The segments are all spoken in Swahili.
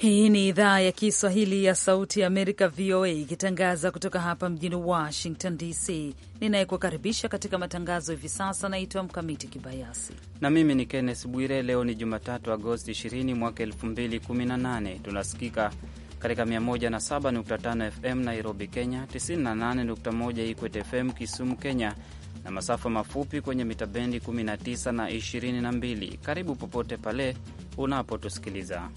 Hii ni idhaa ya Kiswahili ya Sauti ya Amerika, VOA, ikitangaza kutoka hapa mjini Washington DC. Ninayekukaribisha katika matangazo hivi sasa naitwa Mkamiti Kibayasi na mimi ni Kennes Bwire. Leo ni Jumatatu, Agosti 20 mwaka 2018. Tunasikika katika 107.5 FM Nairobi, Kenya, 98.1 Ikwete FM Kisumu, Kenya, na masafa mafupi kwenye mitabendi 19 na 22. Karibu popote pale unapotusikiliza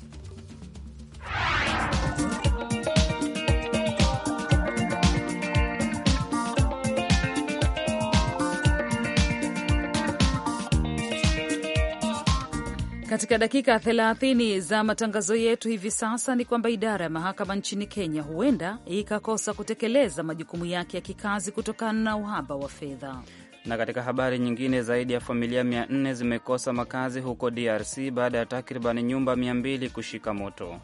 katika dakika 30 za matangazo yetu hivi sasa ni kwamba idara ya mahakama nchini Kenya huenda ikakosa kutekeleza majukumu yake ya kikazi kutokana na uhaba wa fedha. Na katika habari nyingine, zaidi ya familia 400 zimekosa makazi huko DRC baada ya takribani nyumba 200 kushika moto.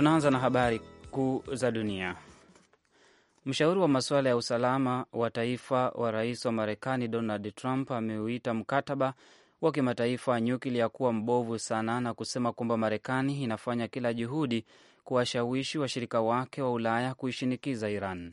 Tunaanza na habari kuu za dunia. Mshauri wa masuala ya usalama wa taifa wa rais wa Marekani Donald Trump ameuita mkataba wa kimataifa wa nyuklia kuwa mbovu sana na kusema kwamba Marekani inafanya kila juhudi kuwashawishi washirika wake wa Ulaya kuishinikiza Iran.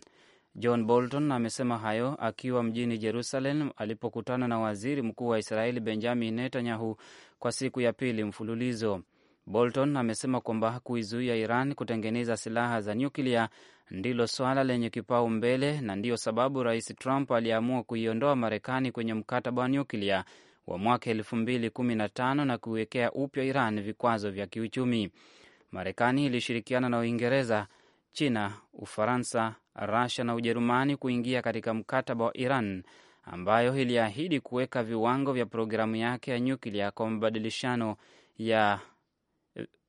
John Bolton amesema hayo akiwa mjini Jerusalem alipokutana na waziri mkuu wa Israeli Benjamin Netanyahu kwa siku ya pili mfululizo. Bolton amesema kwamba kuizuia Iran kutengeneza silaha za nyuklia ndilo swala lenye kipaumbele na ndiyo sababu Rais Trump aliamua kuiondoa Marekani kwenye mkataba wa nyuklia wa mwaka 2015 na kuiwekea upya Iran vikwazo vya kiuchumi. Marekani ilishirikiana na Uingereza, China, Ufaransa, rasia na Ujerumani kuingia katika mkataba wa Iran ambayo iliahidi kuweka viwango vya programu yake ya nyuklia kwa mabadilishano ya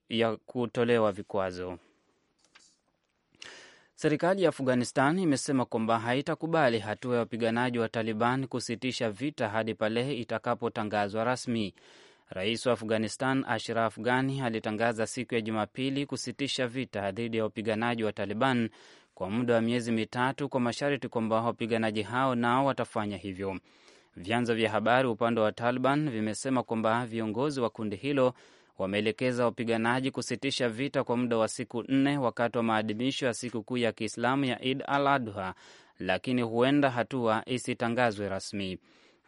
ya kutolewa vikwazo. Serikali ya Afghanistan imesema kwamba haitakubali hatua ya wapiganaji wa Taliban kusitisha vita hadi pale itakapotangazwa rasmi. Rais wa Afghanistan Ashraf Ghani alitangaza siku ya Jumapili kusitisha vita dhidi ya wapiganaji wa Taliban kwa muda wa miezi mitatu kwa masharti kwamba wapiganaji hao nao watafanya hivyo. Vyanzo vya habari upande wa Taliban vimesema kwamba viongozi wa kundi hilo wameelekeza wapiganaji kusitisha vita kwa muda wa siku nne wakati wa maadhimisho ya sikukuu ya Kiislamu ya Id al Adha, lakini huenda hatua isitangazwe rasmi.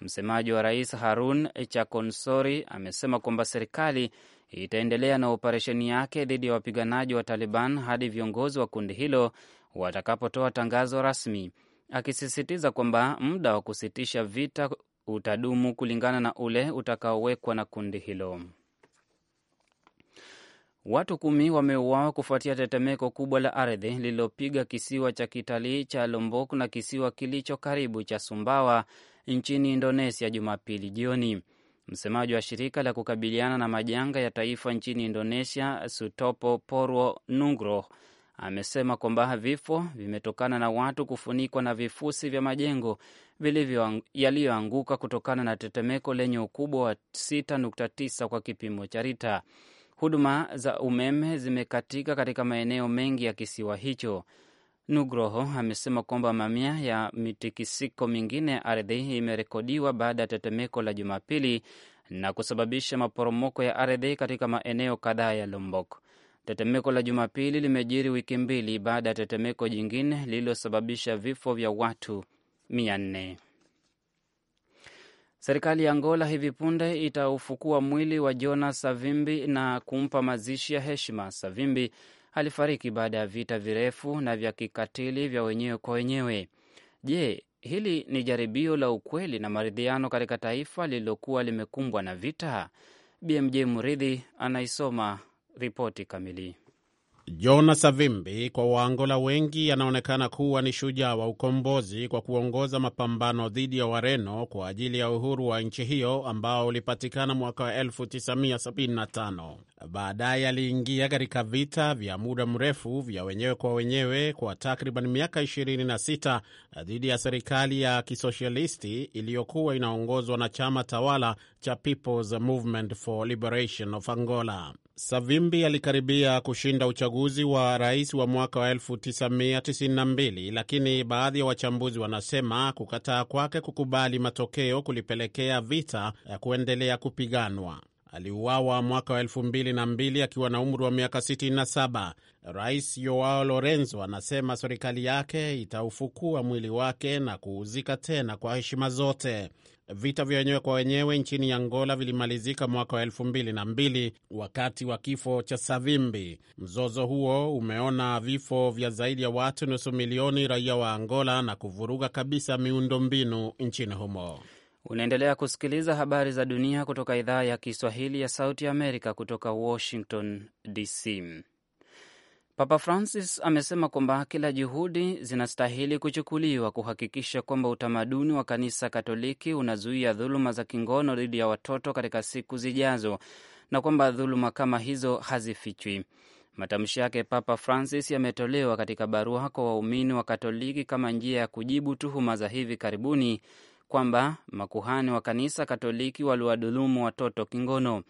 Msemaji wa rais Harun Chakonsori amesema kwamba serikali itaendelea na operesheni yake dhidi ya wapiganaji wa Taliban hadi viongozi wa kundi hilo watakapotoa tangazo rasmi, akisisitiza kwamba muda wa kusitisha vita utadumu kulingana na ule utakaowekwa na kundi hilo. Watu kumi wameuawa kufuatia tetemeko kubwa la ardhi lililopiga kisiwa cha kitalii cha Lombok na kisiwa kilicho karibu cha Sumbawa nchini Indonesia Jumapili jioni. Msemaji wa shirika la kukabiliana na majanga ya taifa nchini Indonesia, Sutopo Purwo Nugroho, amesema kwamba vifo vimetokana na watu kufunikwa na vifusi vya majengo yaliyoanguka kutokana na tetemeko lenye ukubwa wa 6.9 kwa kipimo cha Rita. Huduma za umeme zimekatika katika maeneo mengi ya kisiwa hicho. Nugroho amesema kwamba mamia ya mitikisiko mingine ya ardhi imerekodiwa baada ya tetemeko la Jumapili na kusababisha maporomoko ya ardhi katika maeneo kadhaa ya Lombok. Tetemeko la Jumapili limejiri wiki mbili baada ya tetemeko jingine lililosababisha vifo vya watu mia nne. Serikali ya Angola hivi punde itaufukua mwili wa Jonas Savimbi na kumpa mazishi ya heshima. Savimbi alifariki baada ya vita virefu na vya kikatili vya wenyewe kwa wenyewe. Je, hili ni jaribio la ukweli na maridhiano katika taifa lililokuwa limekumbwa na vita? BMJ Muridhi anaisoma ripoti kamili. Jona Savimbi kwa Waangola wengi anaonekana kuwa ni shujaa wa ukombozi kwa kuongoza mapambano dhidi ya Wareno kwa ajili ya uhuru wa nchi hiyo ambao ulipatikana mwaka wa 1975. Baadaye aliingia katika vita vya muda mrefu vya wenyewe kwa wenyewe kwa takriban miaka 26 dhidi ya serikali ya kisoshalisti iliyokuwa inaongozwa na chama tawala cha People's Movement for Liberation of Angola. Savimbi alikaribia kushinda uchaguzi wa rais wa mwaka wa 1992 lakini baadhi ya wa wachambuzi wanasema kukataa kwake kukubali matokeo kulipelekea vita ya kuendelea kupiganwa. Aliuawa mwaka wa 2002 akiwa na umri wa miaka 67. Rais Joao Lorenzo anasema serikali yake itaufukua mwili wake na kuuzika tena kwa heshima zote. Vita vya wenyewe kwa wenyewe nchini Angola vilimalizika mwaka wa elfu mbili na mbili wakati wa kifo cha Savimbi. Mzozo huo umeona vifo vya zaidi ya watu nusu milioni raia wa Angola na kuvuruga kabisa miundombinu nchini humo. Unaendelea kusikiliza habari za dunia kutoka idhaa ya Kiswahili ya Sauti ya Amerika kutoka Washington DC. Papa Francis amesema kwamba kila juhudi zinastahili kuchukuliwa kuhakikisha kwamba utamaduni wa kanisa Katoliki unazuia dhuluma za kingono dhidi ya watoto katika siku zijazo na kwamba dhuluma kama hizo hazifichwi. Matamshi yake Papa Francis yametolewa katika barua kwa waumini wa Katoliki kama njia ya kujibu tuhuma za hivi karibuni kwamba makuhani wa kanisa Katoliki waliwadhulumu watoto kingono.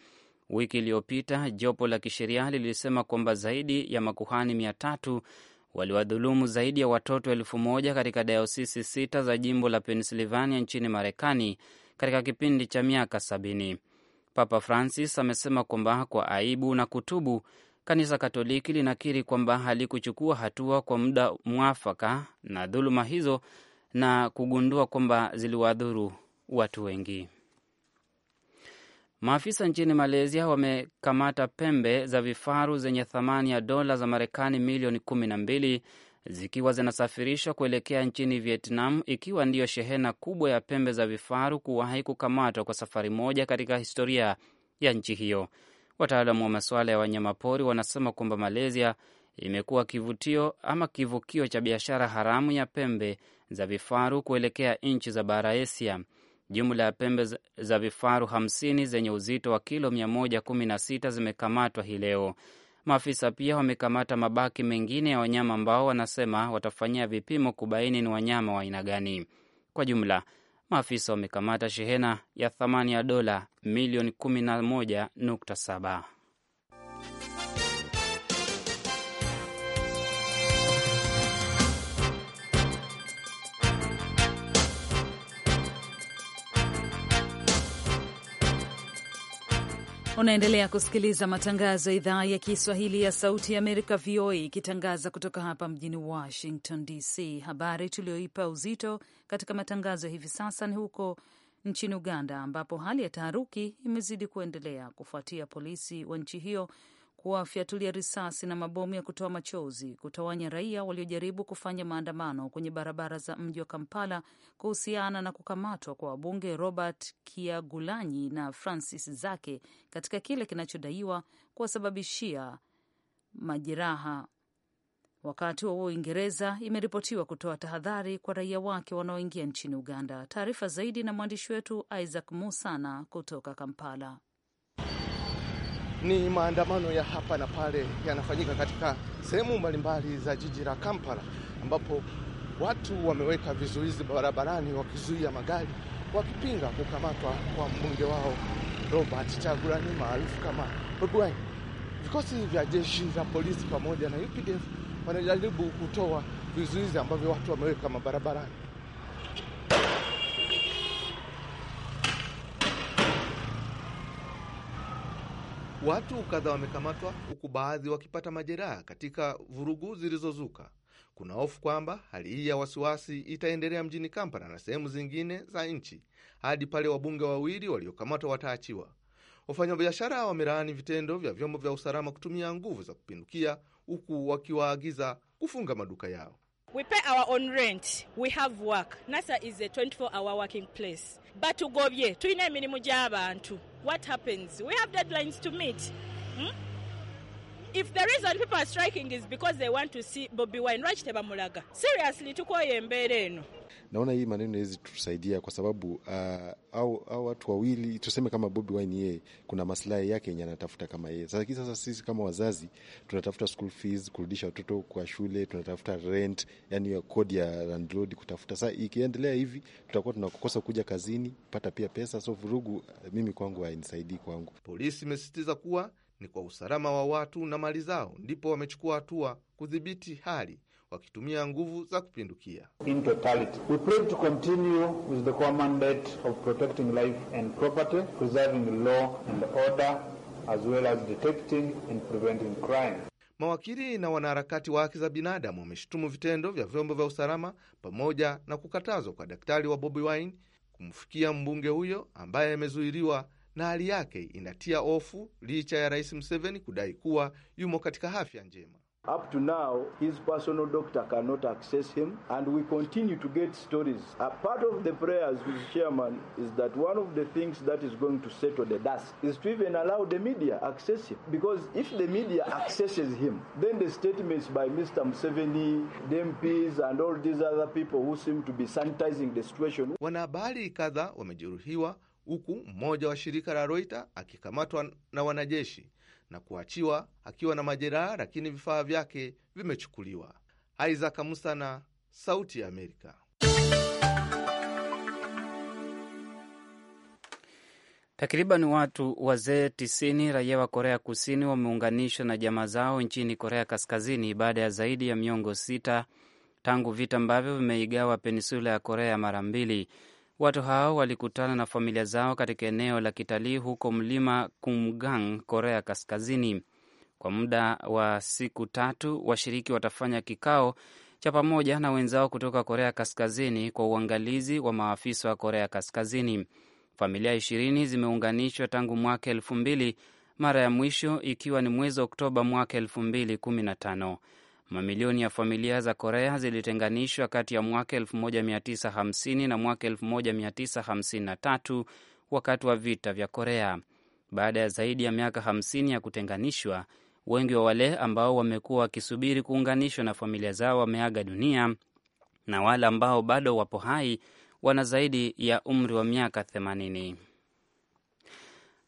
Wiki iliyopita jopo la kisheria lilisema kwamba zaidi ya makuhani mia tatu waliwadhulumu zaidi ya watoto elfu moja katika dayosisi sita za jimbo la Pennsylvania nchini Marekani katika kipindi cha miaka sabini. Papa Francis amesema kwamba kwa aibu na kutubu, kanisa Katoliki linakiri kwamba halikuchukua hatua kwa muda mwafaka na dhuluma hizo na kugundua kwamba ziliwadhuru watu wengi. Maafisa nchini Malaysia wamekamata pembe za vifaru zenye thamani ya dola za Marekani milioni kumi na mbili zikiwa zinasafirishwa kuelekea nchini Vietnam, ikiwa ndiyo shehena kubwa ya pembe za vifaru kuwahi kukamatwa kwa safari moja katika historia ya nchi hiyo. Wataalamu wa masuala ya wanyamapori wanasema kwamba Malaysia imekuwa kivutio ama kivukio cha biashara haramu ya pembe za vifaru kuelekea nchi za bara Asia. Jumla ya pembe za vifaru 50 zenye uzito wa kilo 116 zimekamatwa hii leo. Maafisa pia wamekamata mabaki mengine ya wanyama ambao wanasema watafanyia vipimo kubaini ni wanyama wa aina gani. Kwa jumla, maafisa wamekamata shehena ya thamani ya dola milioni 11.7. Unaendelea kusikiliza matangazo ya idhaa ya Kiswahili ya Sauti ya Amerika, VOA, ikitangaza kutoka hapa mjini Washington DC. Habari tuliyoipa uzito katika matangazo ya hivi sasa ni huko nchini Uganda, ambapo hali ya taharuki imezidi kuendelea kufuatia polisi wa nchi hiyo kuwafyatulia risasi na mabomu ya kutoa machozi kutawanya raia waliojaribu kufanya maandamano kwenye barabara za mji wa Kampala kuhusiana na kukamatwa kwa wabunge Robert kiagulanyi na Francis Zake katika kile kinachodaiwa kuwasababishia majeraha. Wakati wa huo Uingereza imeripotiwa kutoa tahadhari kwa raia wake wanaoingia nchini Uganda. Taarifa zaidi na mwandishi wetu Isaac Musana kutoka Kampala. Ni maandamano ya hapa na pale yanafanyika katika sehemu mbalimbali za jiji la Kampala, ambapo watu wameweka vizuizi barabarani wakizuia magari, wakipinga kukamatwa kwa mbunge wao Robert chagulani maarufu kama Bobi Vikosi vya jeshi la polisi pamoja na UPDF wanajaribu kutoa vizuizi ambavyo watu wameweka mabarabarani. Watu kadhaa wamekamatwa huku baadhi wakipata majeraha katika vurugu zilizozuka. Kuna hofu kwamba hali hii ya wasiwasi itaendelea mjini Kampala na sehemu zingine za nchi hadi pale wabunge wawili waliokamatwa wataachiwa. Wafanyabiashara wamelaani vitendo vya vyombo vya usalama kutumia nguvu za kupindukia, huku wakiwaagiza kufunga maduka yao. We pay our own rent. We have work. NASA is a 24 hour working place. Batugobye tuina emirimu gy'abantu what happens? We have deadlines to meet. Hmm? If the reason people are striking is because they want to see Bobi Wine, lwaki tebamulaga? Seriously, tukoye embeera eno. Naona hii maneno hizi tusaidia kwa sababu uh, au, au watu wawili tuseme kama Bobi Wine yeye kuna maslahi yake yenye anatafuta kama yeye. Sasa sasa sisi kama wazazi tunatafuta school fees, kurudisha watoto kwa shule, tunatafuta rent, yani ya kodi ya landlord kutafuta. Sasa ikiendelea hivi tutakuwa tunakosa kuja kazini, pata pia pesa, so vurugu mimi kwangu hainisaidii kwangu. Polisi imesisitiza kuwa ni kwa usalama wa watu na mali zao, ndipo wamechukua hatua kudhibiti hali wakitumia nguvu za kupindukia. Mawakili na wanaharakati wa haki za binadamu wameshutumu vitendo vya vyombo vya usalama pamoja na kukatazwa kwa daktari wa Bobi Wine kumfikia mbunge huyo ambaye amezuiliwa na hali yake inatia hofu, licha ya Rais Museveni kudai kuwa yumo katika afya njema. Up to now, his personal doctor cannot access him, and we continue to get stories. A part of the prayers, Mr. Chairman, is that one of the things that is going to settle the dust is to even allow the media access him. Because if the media accesses him, then the statements by Mr. Museveni, the MPs, and all these other people who seem to be sanitizing the situation. Wanahabari kadha wamejeruhiwa huku mmoja wa shirika la Reuters akikamatwa na wanajeshi na kuachiwa akiwa na majeraha, lakini vifaa vyake vimechukuliwa. Isaac Musana, Sauti ya Amerika. Takriban watu wazee 90 raia wa Korea Kusini wameunganishwa na jamaa zao nchini Korea Kaskazini baada ya zaidi ya miongo sita tangu vita ambavyo vimeigawa peninsula ya Korea mara mbili. Watu hao walikutana na familia zao katika eneo la kitalii huko mlima Kumgang, Korea Kaskazini. Kwa muda wa siku tatu, washiriki watafanya kikao cha pamoja na wenzao kutoka Korea Kaskazini kwa uangalizi wa maafisa wa Korea Kaskazini. Familia ishirini zimeunganishwa tangu mwaka elfu mbili, mara ya mwisho ikiwa ni mwezi Oktoba mwaka elfu mbili kumi na tano. Mamilioni ya familia za Korea zilitenganishwa kati ya mwaka 1950 na mwaka 1953 wakati wa vita vya Korea. Baada ya zaidi ya miaka 50 ya kutenganishwa, wengi wa wale ambao wamekuwa wakisubiri kuunganishwa na familia zao wameaga dunia na wale ambao bado wapo hai wana zaidi ya umri wa miaka 80.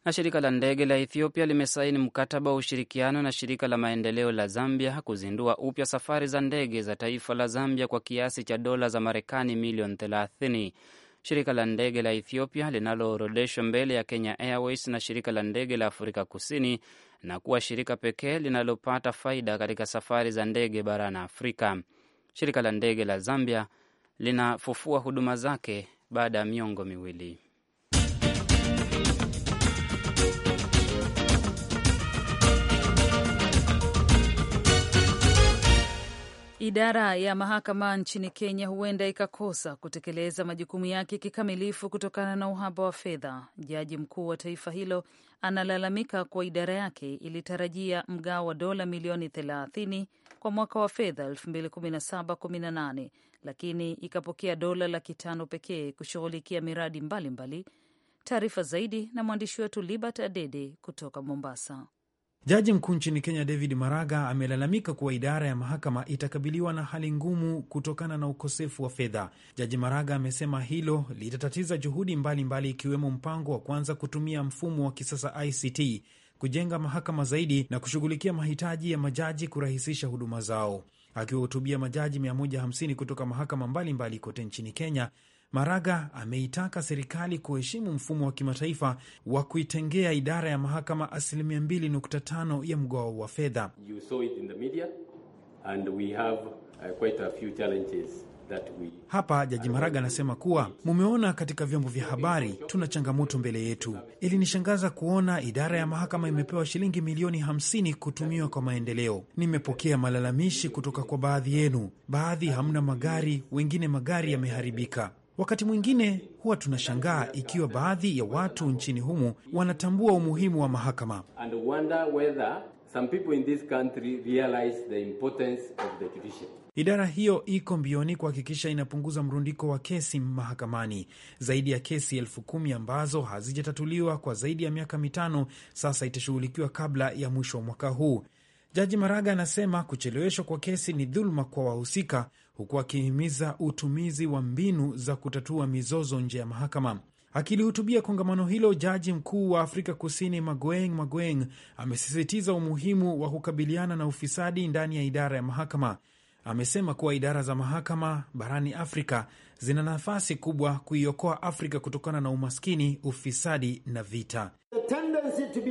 Na shirika la ndege la Ethiopia limesaini mkataba wa ushirikiano na shirika la maendeleo la Zambia kuzindua upya safari za ndege za taifa la Zambia kwa kiasi cha dola za Marekani milioni 30. Shirika la ndege la Ethiopia linaloorodeshwa mbele ya Kenya Airways na shirika la ndege la Afrika Kusini na kuwa shirika pekee linalopata faida katika safari za ndege barani Afrika. Shirika la ndege la Zambia linafufua huduma zake baada ya miongo miwili. Idara ya mahakama nchini Kenya huenda ikakosa kutekeleza majukumu yake kikamilifu kutokana na uhaba wa fedha. Jaji mkuu wa taifa hilo analalamika kuwa idara yake ilitarajia mgao wa dola milioni 30 kwa mwaka wa fedha 2017/18 lakini ikapokea dola laki tano pekee kushughulikia miradi mbalimbali. Taarifa zaidi na mwandishi wetu Libert Adede kutoka Mombasa. Jaji mkuu nchini Kenya David Maraga amelalamika kuwa idara ya mahakama itakabiliwa na hali ngumu kutokana na ukosefu wa fedha. Jaji Maraga amesema hilo litatatiza juhudi mbalimbali mbali, ikiwemo mpango wa kuanza kutumia mfumo wa kisasa ICT kujenga mahakama zaidi na kushughulikia mahitaji ya majaji kurahisisha huduma zao. Akiwahutubia majaji 150 kutoka mahakama mbalimbali mbali kote nchini Kenya, Maraga ameitaka serikali kuheshimu mfumo wa kimataifa wa kuitengea idara ya mahakama asilimia 2.5 ya mgao wa fedha. Uh, Hapa Jaji Maraga anasema kuwa mumeona katika vyombo vya habari, tuna changamoto mbele yetu. Ilinishangaza kuona idara ya mahakama imepewa shilingi milioni 50 kutumiwa kwa maendeleo. Nimepokea malalamishi kutoka kwa baadhi yenu, baadhi hamna magari, wengine magari yameharibika. Wakati mwingine huwa tunashangaa ikiwa baadhi ya watu nchini humo wanatambua umuhimu wa mahakama. Idara hiyo iko mbioni kuhakikisha inapunguza mrundiko wa kesi mahakamani. Zaidi ya kesi elfu kumi ambazo hazijatatuliwa kwa zaidi ya miaka mitano sasa itashughulikiwa kabla ya mwisho wa mwaka huu. Jaji Maraga anasema kucheleweshwa kwa kesi ni dhuluma kwa wahusika huku akihimiza utumizi wa mbinu za kutatua mizozo nje ya mahakama. Akilihutubia kongamano hilo, jaji mkuu wa Afrika Kusini Magoeng Magoeng amesisitiza umuhimu wa kukabiliana na ufisadi ndani ya idara ya mahakama. Amesema kuwa idara za mahakama barani Afrika zina nafasi kubwa kuiokoa Afrika kutokana na umaskini, ufisadi na vita The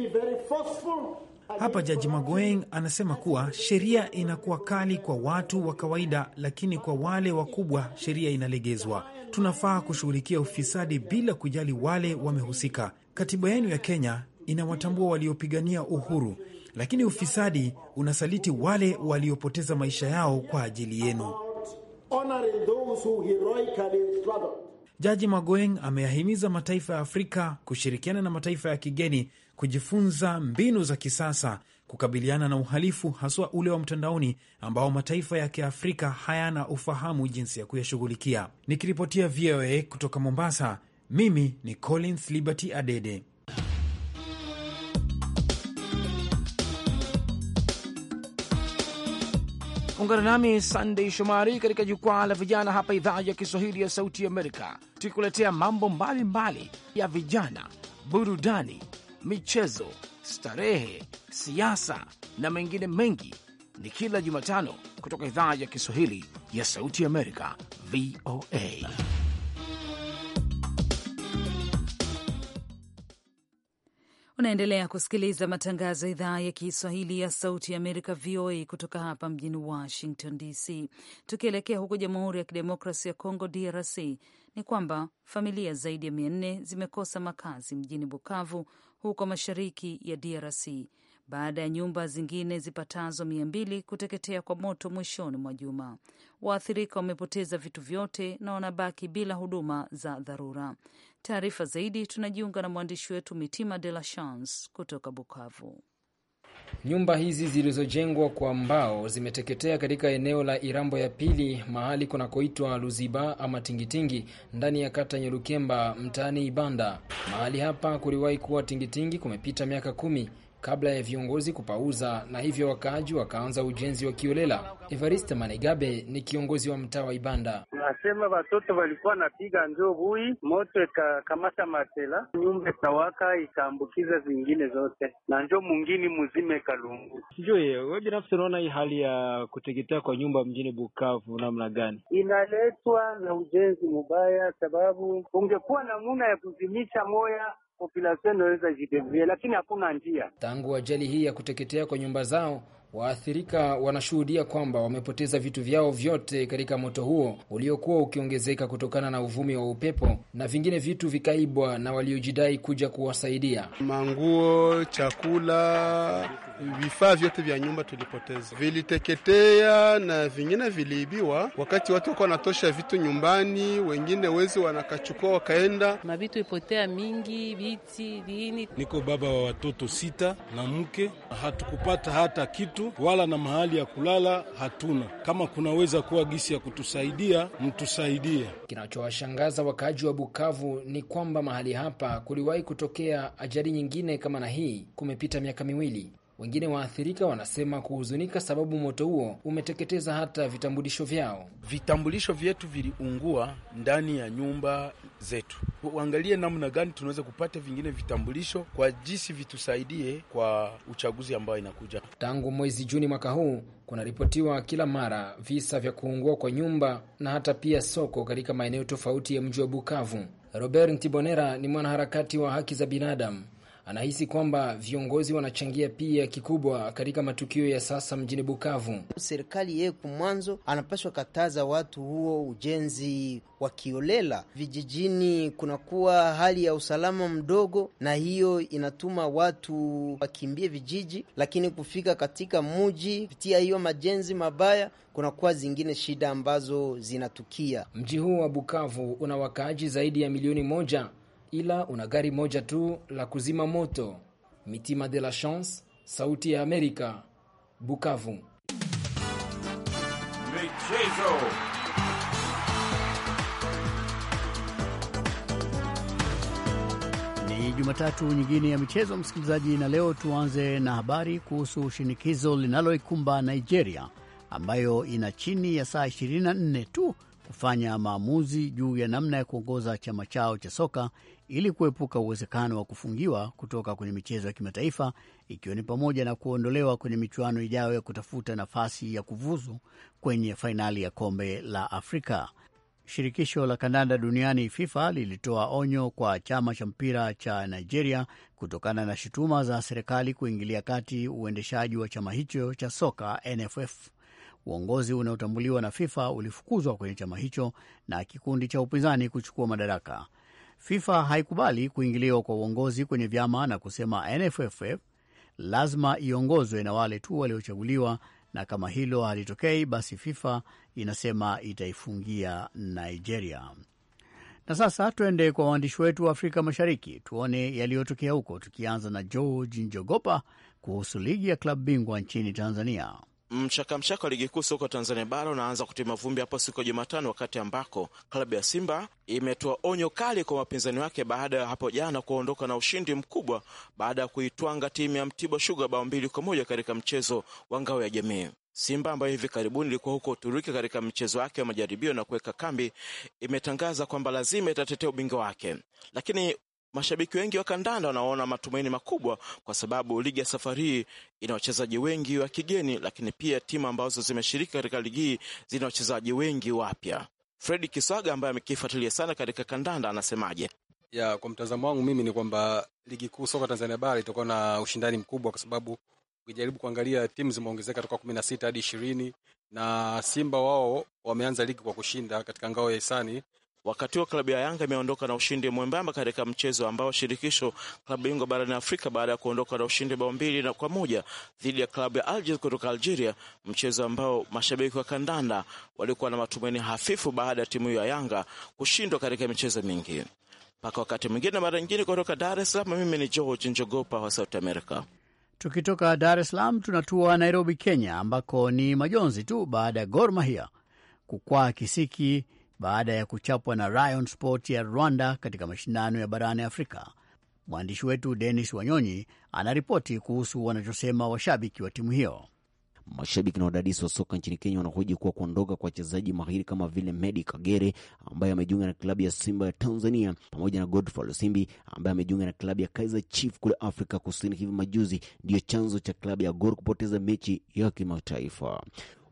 hapa Jaji Magoeng anasema kuwa sheria inakuwa kali kwa watu wa kawaida, lakini kwa wale wakubwa sheria inalegezwa. Tunafaa kushughulikia ufisadi bila kujali wale wamehusika. Katiba yenu ya Kenya inawatambua waliopigania uhuru, lakini ufisadi unasaliti wale waliopoteza maisha yao kwa ajili yenu. Jaji Magoeng ameyahimiza mataifa ya Afrika kushirikiana na mataifa ya kigeni kujifunza mbinu za kisasa kukabiliana na uhalifu haswa ule wa mtandaoni ambao mataifa ya Kiafrika hayana ufahamu jinsi ya kuyashughulikia. Nikiripotia VOA kutoka Mombasa, mimi ni Collins Liberty Adede. Ungana nami Sandey Shomari katika jukwaa la vijana hapa idhaa ya Kiswahili ya Sauti Amerika, tukikuletea mambo mbalimbali mbali ya vijana, burudani michezo, starehe, siasa na mengine mengi, ni kila Jumatano kutoka idhaa ya Kiswahili ya Sauti Amerika, VOA. Unaendelea kusikiliza matangazo ya idhaa ya Kiswahili ya Sauti ya Amerika, VOA, kutoka hapa mjini Washington DC. Tukielekea huko Jamhuri ya Kidemokrasi ya congo DRC, ni kwamba familia zaidi ya mia nne zimekosa makazi mjini Bukavu huko mashariki ya DRC baada ya nyumba zingine zipatazo mia mbili kuteketea kwa moto mwishoni mwa juma. Waathirika wamepoteza vitu vyote na wanabaki bila huduma za dharura. Taarifa zaidi, tunajiunga na mwandishi wetu Mitima De La Chance kutoka Bukavu. Nyumba hizi zilizojengwa kwa mbao zimeteketea katika eneo la Irambo ya pili mahali kunakoitwa Luziba ama Tingitingi ndani ya kata Nyerukemba mtaani Ibanda. Mahali hapa kuliwahi kuwa tingitingi kumepita miaka kumi, kabla ya viongozi kupauza na hivyo wakaaji wakaanza ujenzi wa kiolela. Evariste Manegabe ni kiongozi wa mtaa wa Ibanda. nasema watoto walikuwa napiga njoo bui, moto ikakamata matela, nyumba ikawaka, ikaambukiza zingine zote na njoo mwingine mzima ikalungu. Sijui wewe binafsi unaona hii hali ya kuteketea kwa nyumba mjini Bukavu namna gani? Inaletwa na ujenzi mubaya, sababu ungekuwa namuna ya kuzimisha moya population inaweza jidebrouiller, lakini hakuna njia. Tangu ajali hii ya kuteketea kwa nyumba zao, Waathirika wanashuhudia kwamba wamepoteza vitu vyao vyote katika moto huo uliokuwa ukiongezeka kutokana na uvumi wa upepo na vingine vitu vikaibwa na waliojidai kuja kuwasaidia. Manguo, chakula, vifaa vyote vya nyumba tulipoteza, viliteketea na vingine viliibiwa. Wakati watu wakuwa wanatosha vitu nyumbani, wengine wezi wanakachukua wakaenda. Mavitu ipotea mingi, viti, vini. Niko baba wa watoto sita na mke, hatukupata hata kitu kwetu wala na mahali ya kulala hatuna. Kama kunaweza kuwa gisi ya kutusaidia, mtusaidie. Kinachowashangaza wakaaji wa Bukavu ni kwamba mahali hapa kuliwahi kutokea ajali nyingine kama na hii, kumepita miaka miwili. Wengine waathirika wanasema kuhuzunika, sababu moto huo umeteketeza hata vitambulisho vyao. Vitambulisho vyetu viliungua ndani ya nyumba zetu. Uangalie namna gani tunaweza kupata vingine vitambulisho kwa jinsi vitusaidie kwa uchaguzi ambayo inakuja. Tangu mwezi Juni mwaka huu kunaripotiwa kila mara visa vya kuungua kwa nyumba na hata pia soko katika maeneo tofauti ya mji wa Bukavu. Robert Ntibonera ni mwanaharakati wa haki za binadamu anahisi kwamba viongozi wanachangia pia kikubwa katika matukio ya sasa mjini Bukavu. Serikali yeye kumwanzo anapaswa kataza watu huo ujenzi wa kiolela vijijini, kunakuwa hali ya usalama mdogo, na hiyo inatuma watu wakimbie vijiji, lakini kufika katika muji kupitia hiyo majenzi mabaya kunakuwa zingine shida ambazo zinatukia. Mji huu wa Bukavu una wakaaji zaidi ya milioni moja ila una gari moja tu la kuzima moto. Mitima de la Chance, Sauti ya Amerika, Bukavu. Michezo. Ni Jumatatu nyingine ya michezo, msikilizaji, na leo tuanze na habari kuhusu shinikizo linaloikumba Nigeria ambayo ina chini ya saa 24 tu kufanya maamuzi juu ya namna ya kuongoza chama chao cha soka ili kuepuka uwezekano wa kufungiwa kutoka kwenye michezo ya kimataifa ikiwa ni pamoja na kuondolewa kwenye michuano ijayo ya kutafuta nafasi ya kufuzu kwenye fainali ya kombe la Afrika. Shirikisho la kandanda duniani FIFA lilitoa onyo kwa chama cha mpira cha Nigeria kutokana na shutuma za serikali kuingilia kati uendeshaji wa chama hicho cha soka NFF. Uongozi unaotambuliwa na FIFA ulifukuzwa kwenye chama hicho na kikundi cha upinzani kuchukua madaraka. FIFA haikubali kuingiliwa kwa uongozi kwenye vyama na kusema NFF lazima iongozwe na wale tu waliochaguliwa, na kama hilo halitokei, basi FIFA inasema itaifungia Nigeria. Na sasa tuende kwa waandishi wetu wa Afrika Mashariki tuone yaliyotokea huko, tukianza na George Njogopa kuhusu ligi ya klabu bingwa nchini Tanzania. Mchakamchaka wa ligi kuu soka Tanzania bara unaanza kutima vumbi hapo siku ya Jumatano, wakati ambako klabu ya Simba imetoa onyo kali kwa wapinzani wake baada ya hapo jana kuondoka na ushindi mkubwa baada ya kuitwanga timu ya Mtibwa shuga bao mbili kwa moja katika mchezo wa ngao ya jamii. Simba ambayo hivi karibuni ilikuwa huko Uturuki katika mchezo wake wa majaribio na kuweka kambi, imetangaza kwamba lazima itatetea ubingwa wake, lakini mashabiki wengi wa kandanda wanaona matumaini makubwa kwa sababu ligi ya safari hii ina wachezaji wengi wa kigeni, lakini pia timu ambazo zimeshiriki katika ligi hii zina wachezaji wengi wapya. Fredi Kiswaga ambaye amekifuatilia sana katika kandanda anasemaje? Ya, kwa mtazamo wangu mimi ni kwamba ligi kuu soka Tanzania bara itakuwa na ushindani mkubwa, kwa sababu ukijaribu kuangalia timu zimeongezeka toka kumi na sita hadi ishirini na Simba wao wameanza ligi kwa kushinda katika ngao ya hisani Wakati huo klabu ya Yanga imeondoka na ushindi mwembamba katika mchezo ambao shirikisho klabu bingwa barani Afrika baada ya kuondoka na ushindi bao mbili na kwa moja dhidi ya klabu ya alge kutoka Algeria, mchezo ambao mashabiki wa kandanda walikuwa na matumaini hafifu baada ya timu hiyo ya Yanga kushindwa katika michezo mingi. Mpaka wakati mwingine, mara nyingine. Kutoka Dar es Salaam, mimi ni George Njogopa wa south america Tukitoka Dar es Salaam tunatua Nairobi, Kenya, ambako ni majonzi tu baada ya Gor Mahia kukwaa kisiki baada ya kuchapwa na Rayon Sport ya Rwanda katika mashindano ya barani Afrika. Mwandishi wetu Denis Wanyonyi anaripoti kuhusu wanachosema washabiki wa timu hiyo. Mashabiki na wadadisi wa soka nchini Kenya wanahoji kuwa kuondoka kwa wachezaji mahiri kama vile Medi Kagere ambaye amejiunga na klabu ya Simba ya Tanzania pamoja na Godfrey Lusimbi ambaye amejiunga na klabu ya Kaizer Chiefs kule Afrika Kusini hivi majuzi ndiyo chanzo cha klabu ya Gor kupoteza mechi ya kimataifa.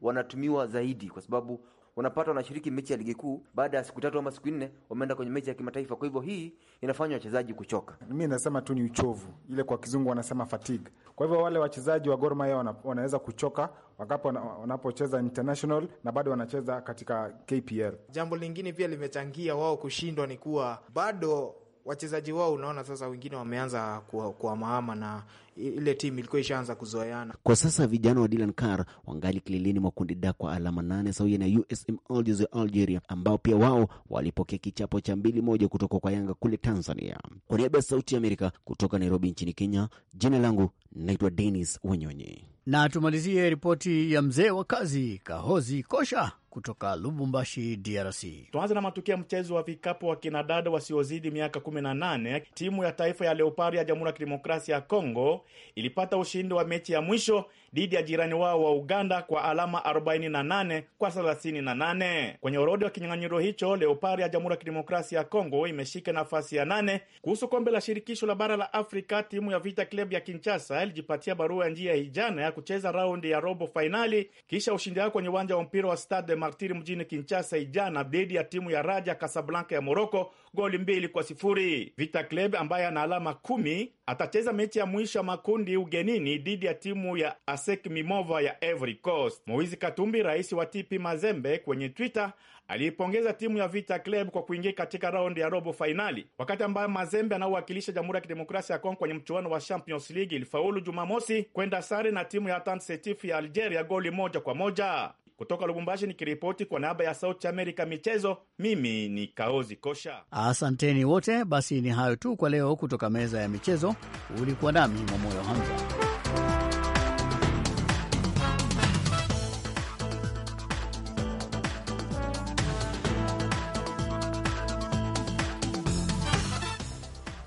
Wanatumiwa zaidi kwa sababu unapata wanashiriki mechi ya ligi kuu, baada ya siku tatu ama siku nne wameenda kwenye mechi ya kimataifa. Kwa hivyo hii inafanya wachezaji kuchoka. Mimi nasema tu ni uchovu, ile kwa kizungu wanasema fatigue. Kwa hivyo wale wachezaji wa Gor Mahia wana, wanaweza kuchoka wakapo wanapocheza international na bado wanacheza katika KPL. Jambo lingine pia limechangia wao kushindwa ni kuwa bado wachezaji wao, unaona sasa, wengine wameanza kuhamahama na ile timu ilikuwa ishaanza kuzoeana. Kwa sasa vijana wa Dylan Carr wangali kileleni mwa kundi da kwa alama nane sawia na USM Alger ya Algeria, ambao pia wao walipokea kichapo cha mbili moja kutoka kwa Yanga kule Tanzania. Kwa niaba ya Sauti ya Amerika kutoka Nairobi nchini Kenya, jina langu naitwa denis Wanyonyi, na tumalizie ripoti ya mzee wa kazi Kahozi Kosha kutoka Lubumbashi, DRC. Tuanze na matukio ya mchezo wa vikapu wa kinadada wasiozidi miaka 18. Timu ya taifa ya leopari ya Jamhuri ya Kidemokrasia ya Kongo ilipata ushindi wa mechi ya mwisho dhidi ya jirani wao wa Uganda kwa alama 48 kwa 38. Kwenye orodha wa kinyang'anyiro hicho, leopari ya Jamhuri ya Kidemokrasia ya Kongo imeshika nafasi ya nane. Kuhusu kombe la shirikisho la bara la Afrika, timu ya Vita Club ya Kinshasa ilijipatia barua ya njia hijana ya kucheza raundi ya robo fainali kisha ushindi wao kwenye uwanja wa mpira wa Stade Martiri mjini Kinshasa ijana dhidi ya timu ya Raja Kasablanka ya Moroko goli mbili kwa sifuri. Vita Club ambaye ana alama kumi atacheza mechi ya mwisho ya makundi ugenini dhidi ya timu ya Asek Mimova ya Ivory Coast. Moizi Katumbi, rais wa TP Mazembe, kwenye Twitter aliipongeza timu ya Vita Club kwa kuingia katika raundi ya robo fainali, wakati ambayo Mazembe anaowakilisha Jamhuri ya Kidemokrasia ya Kongo kwenye mchuano wa Champions League ilifaulu Jumamosi kwenda sare na timu ya Tan Setif ya Algeria goli moja kwa moja. Kutoka Lubumbashi nikiripoti kwa niaba ya Sauti Amerika michezo, mimi ni Kaozi Kosha. Asanteni wote. Basi ni hayo tu kwa leo kutoka meza ya michezo. Ulikuwa nami Mwamoyo Hamza.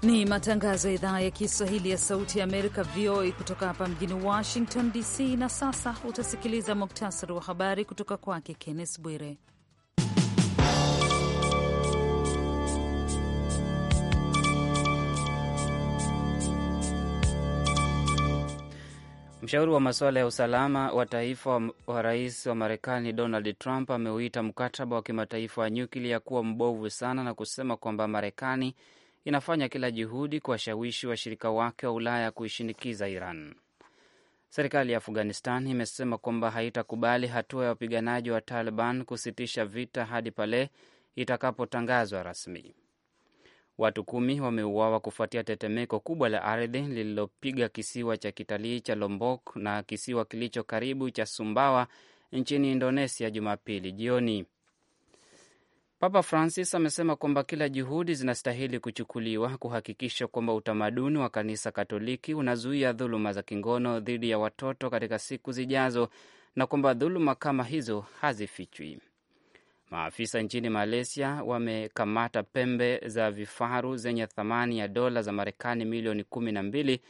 Ni matangazo ya idhaa ya Kiswahili ya Sauti ya Amerika, VOA, kutoka hapa mjini Washington DC. Na sasa utasikiliza muktasari wa habari kutoka kwake Kennes Bwire. Mshauri wa masuala ya usalama wa taifa wa rais wa Marekani Donald Trump ameuita mkataba wa kimataifa wa nyuklia kuwa mbovu sana na kusema kwamba Marekani inafanya kila juhudi kuwashawishi washirika wake wa Ulaya kuishinikiza Iran. Serikali ya Afghanistan imesema kwamba haitakubali hatua ya wapiganaji wa Taliban kusitisha vita hadi pale itakapotangazwa rasmi. Watu kumi wameuawa kufuatia tetemeko kubwa la ardhi lililopiga kisiwa cha kitalii cha Lombok na kisiwa kilicho karibu cha Sumbawa nchini Indonesia Jumapili jioni. Papa Francis amesema kwamba kila juhudi zinastahili kuchukuliwa kuhakikisha kwamba utamaduni wa kanisa Katoliki unazuia dhuluma za kingono dhidi ya watoto katika siku zijazo na kwamba dhuluma kama hizo hazifichwi. Maafisa nchini Malaysia wamekamata pembe za vifaru zenye thamani ya dola za Marekani milioni kumi na mbili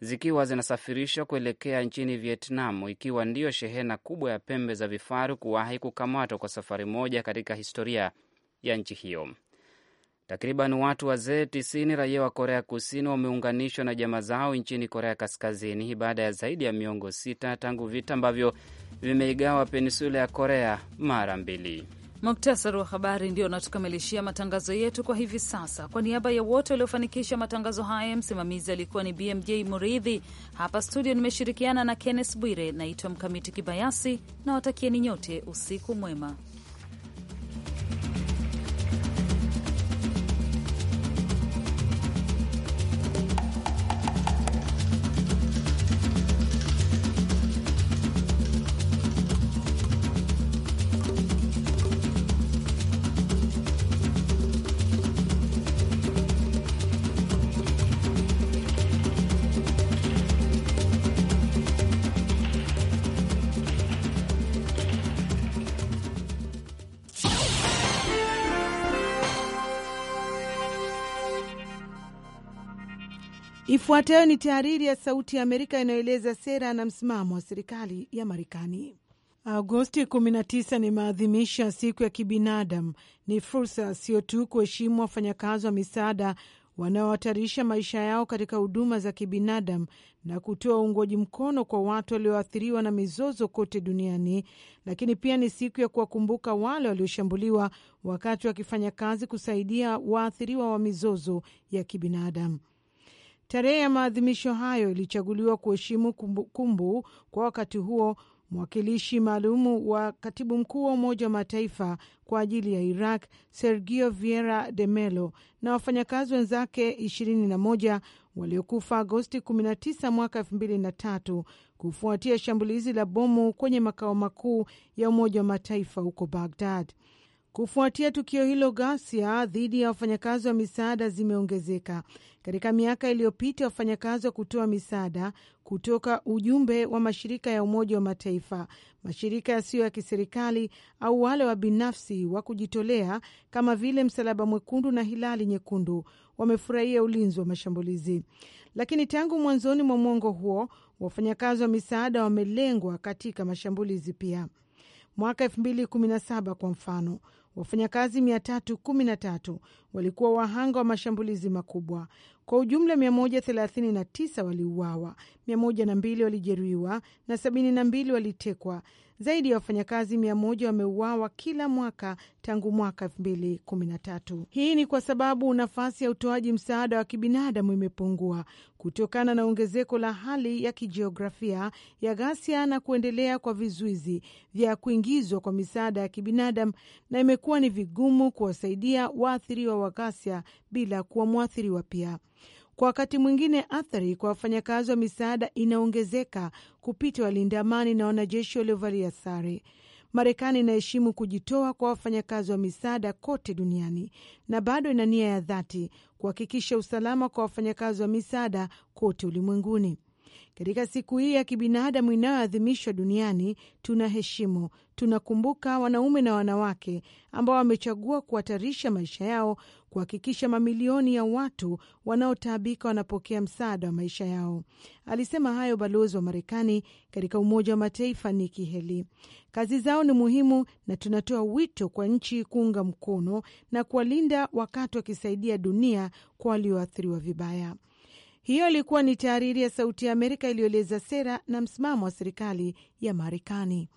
zikiwa zinasafirishwa kuelekea nchini Vietnam, ikiwa ndiyo shehena kubwa ya pembe za vifaru kuwahi kukamatwa kwa safari moja katika historia ya nchi hiyo. Takriban watu wazee tisini raia wa Korea Kusini wameunganishwa na jamaa zao nchini Korea Kaskazini baada ya zaidi ya miongo sita tangu vita ambavyo vimeigawa peninsula ya Korea mara mbili. Muktasari wa habari ndio unatukamilishia matangazo yetu kwa hivi sasa. Kwa niaba ya wote waliofanikisha matangazo haya, msimamizi alikuwa ni BMJ Muridhi. Hapa studio nimeshirikiana na Kennes Bwire. Naitwa Mkamiti Kibayasi na watakieni nyote usiku mwema. Ifuatayo ni tahariri ya Sauti ya Amerika inayoeleza sera na msimamo wa serikali ya Marekani. Agosti 19 ni maadhimisho ya siku ya kibinadamu. Ni fursa sio tu kuheshimu wafanyakazi wa misaada wanaohatarisha maisha yao katika huduma za kibinadamu na kutoa uungwaji mkono kwa watu walioathiriwa na mizozo kote duniani, lakini pia ni siku ya kuwakumbuka wale walioshambuliwa wakati wakifanya kazi kusaidia waathiriwa wa mizozo ya kibinadamu. Tarehe ya maadhimisho hayo ilichaguliwa kuheshimu kumbukumbu kwa wakati huo mwakilishi maalumu wa katibu mkuu wa Umoja wa Mataifa kwa ajili ya Iraq Sergio Vieira de Melo na wafanyakazi wenzake 21 waliokufa Agosti 19 mwaka 2003 kufuatia shambulizi la bomu kwenye makao makuu ya Umoja wa Mataifa huko Bagdad. Kufuatia tukio hilo, ghasia dhidi ya wafanyakazi wa misaada zimeongezeka. Katika miaka iliyopita, wafanyakazi wa kutoa misaada kutoka ujumbe wa mashirika ya Umoja wa Mataifa, mashirika yasiyo ya kiserikali au wale wa binafsi wa kujitolea kama vile Msalaba Mwekundu na Hilali Nyekundu wamefurahia ulinzi wa mashambulizi, lakini tangu mwanzoni mwa mwongo huo wafanyakazi wa misaada wamelengwa katika mashambulizi pia. Mwaka 2017 kwa mfano, Wafanyakazi 313 walikuwa wahanga wa mashambulizi makubwa. Kwa ujumla 139 waliuawa, 102 walijeruhiwa na 72 walitekwa. Zaidi ya wafanyakazi mia moja wameuawa kila mwaka tangu mwaka elfu mbili kumi na tatu. Hii ni kwa sababu nafasi ya utoaji msaada wa kibinadamu imepungua kutokana na ongezeko la hali ya kijiografia ya ghasia na kuendelea kwa vizuizi vya kuingizwa kwa misaada ya kibinadamu, na imekuwa ni vigumu kuwasaidia waathiriwa wa ghasia bila kuwa mwathiriwa pia. Kwa wakati mwingine, athari kwa wafanyakazi wa misaada inaongezeka kupita walinda amani na wanajeshi waliovalia sare. Marekani inaheshimu kujitoa kwa wafanyakazi wa misaada kote duniani na bado ina nia ya dhati kuhakikisha usalama kwa wafanyakazi wa misaada kote ulimwenguni. Katika siku hii ya kibinadamu inayoadhimishwa duniani, tunaheshimu, tunakumbuka wanaume na wanawake ambao wamechagua kuhatarisha maisha yao kuhakikisha mamilioni ya watu wanaotaabika wanapokea msaada wa maisha yao. Alisema hayo balozi wa Marekani katika Umoja wa Mataifa Nikki Haley. Kazi zao ni muhimu na tunatoa wito kwa nchi kuunga mkono na kuwalinda wakati wakisaidia dunia kwa walioathiriwa vibaya. Hiyo ilikuwa ni tahariri ya Sauti ya Amerika iliyoeleza sera na msimamo wa serikali ya Marekani.